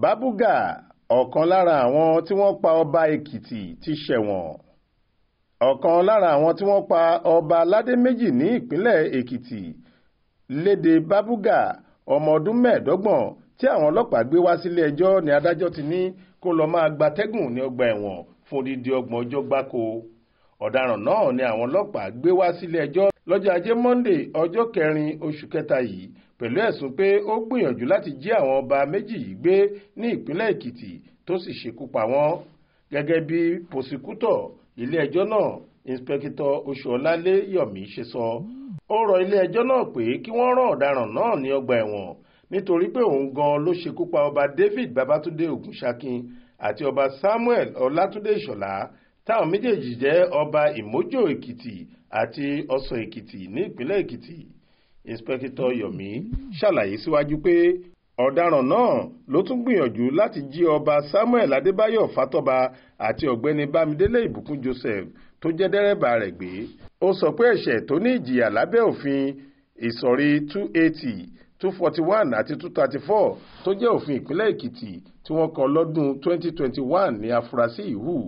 Babuga ọ̀kan lára àwọn tí wọ́n pa ọba èkìtì ti ṣẹ̀wọ̀n ọ̀kan lára àwọn tí wọ́n pa ọba aládé méjì ní ìpínlẹ̀ èkìtì lédè bábúgà ọmọ ọdún mẹ́ẹ̀ẹ́dọ́gbọ̀n tí àwọn ọlọ́pàá gbé wá sílé ẹjọ́ ni adájọ́ ti ní kó lọ́ọ́ máa gbatẹ́gùn ní ọgbà ẹ̀wọ̀n fún odidi ọgbọ̀n ọjọ́ gbáko ọ̀daràn náà ni àwọn ọlọ́pàá gbé wá sílé ẹjọ́ lọ́jọ́ ajé monde ọjọ́ kẹrin oṣù kẹta yìí pẹ̀lú ẹ̀sùn pé ó gbìyànjú láti jí àwọn ọba méjì yìí gbé ní ìpínlẹ̀ èkìtì tó sì ṣekú pa wọ́n gẹ́gẹ́ bí pòsíkútọ̀ ilé-ẹjọ́ náà ìǹspẹ̀kìtọ̀ oṣùọ̀lálé yọ̀mí ṣe sọ ó rọ ilé-ẹjọ́ náà pé kí wọ́n rán ọ̀daràn náà ní ọgbà ẹ̀wọ̀n nítorí pé òun gan ló ṣekú pa ọba david babatunde ogunṣakin àti ọba samuel ọlátúndé ìṣọ̀lá táwọn méjèèjì jẹ́ ọba ìmójò èkìtì àti ọ̀sán èkìtì ní ìpínlẹ̀ èkìtì ìńspẹ́kítọ̀ yomi ṣàlàyé síwájú pé ọ̀daràn náà ló tún gbìyànjú láti jí ọba samuel adébáyọ̀ fatọ́ba àti ọ̀gbẹ́ni bámidélé ìbùkún joseph tó jẹ́ dẹ́rẹ́bà rẹ̀ gbé ó sọ pé ẹ̀ṣẹ̀ tó ní ìjìyà lábẹ́ òfin ìsọ̀rí two eighty two forty one àti two thirty four tó jẹ́ òfin ìpínlẹ̀ èkìtì tí wọ́n kọ lọ́dún twenty twenty one ní àfúrásì yìí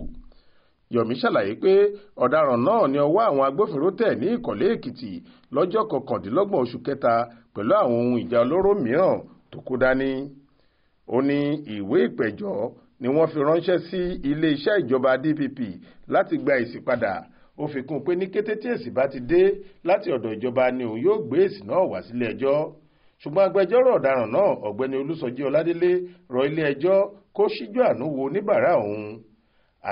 Yomi ṣàlàyé pé ọ̀daràn náà ni ọwọ́ àwọn agbófinró tẹ̀ ní Ìkọ̀lé Èkìtì lọ́jọ́ kọkàndínlọ́gbọ̀n oṣù kẹta pẹ̀lú àwọn ohun ìjà olóró mìíràn tó kó dání. ó ní ìwé ìpẹ̀jọ́ ni wọ́n fi ránṣẹ́ sí iléeṣẹ́ ìjọba DPP láti gba èsì padà ó fi kún un pé ní kété tí èsì bá ti dé láti ọ̀dọ̀ ìjọba ni òun yóò gbé èsì náà wá sílé ẹjọ́ ṣùgbọ́n agbẹjọ́rò ọ̀daràn náà ọ̀gbẹ́ni Olúsọjí Ọládélé rọ ilé ẹjọ́ kó ṣíjú àánú wo oníbàárà òun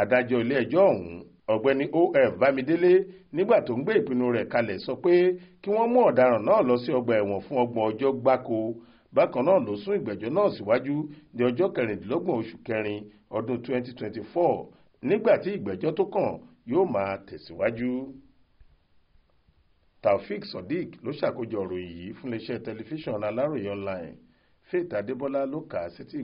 adájọ́ ilé ẹjọ́ ọ̀hún ọ̀gbẹ́ni of bámidélé nígbà tó ń gbé ìpinnu rẹ̀ kalẹ̀ sọ pé kí wọ́n mú ọ̀daràn náà lọ sí ọgbà ẹ̀wọ̀n fún ọgbọ̀n ọjọ́ gbáko bákan náà ló sún ìgbẹ́jọ́ náà síwájú ní ọjọ́ kẹrìndínlọ́gbọ̀n oṣù kẹrin ọdún 2024 nígbà tí ìgbẹ́jọ́ tó kàn yóò máa tẹ̀síwájú. taofik sodiq ló ṣàkójọ ìròyìn yìí fún iléeṣẹ́ tẹlifíṣàn aláròye online faith adébọlá ló kà á sétí